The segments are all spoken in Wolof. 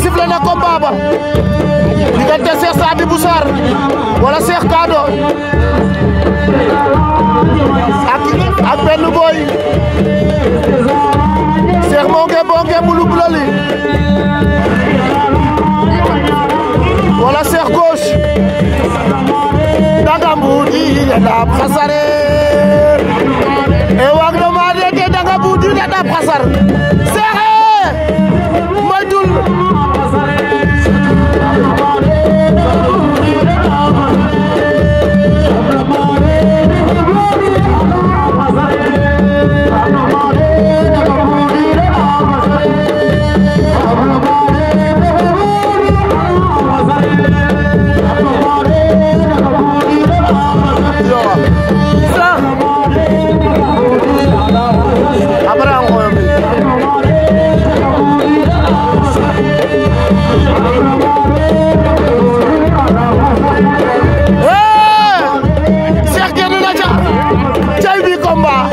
sifflé na combat ba diggante Cheikh Sadibou Sarr wala Cheikh Kado ak ak benn boy Cheikh moo ngi boo ngi mu lub loli wala Cheikh gauche danga mbuudi dab xasare e waag no maa de te danga mbuudi dab xasar Cheikh Cheikh génn na ca cay bi combat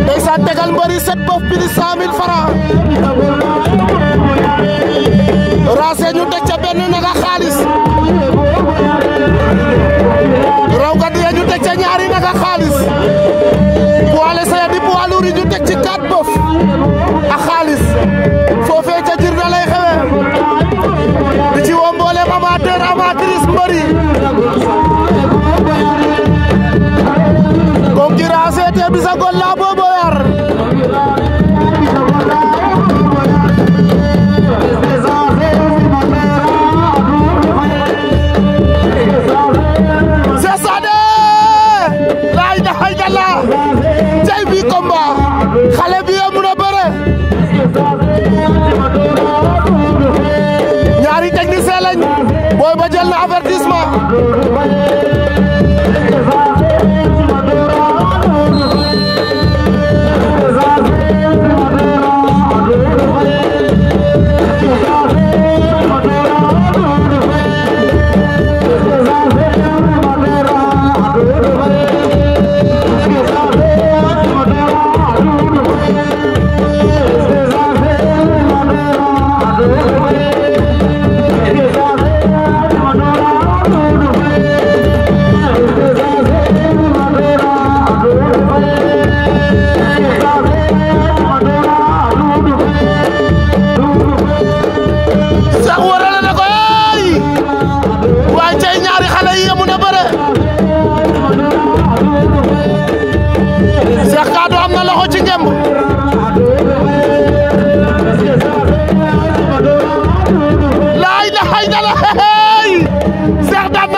ndeysaan tegal mbëri set bof bi di cent mille francs raase ñu teg ca benn naga xaalis raw gàddu ya ñu teg ca ñaari naga xaalis bisa golla bobo yar c'est ça de la ilaha illallah tey bi combat xale bi yomb na bëre ñaari technicien lañ booy ba jël na avertissement perdant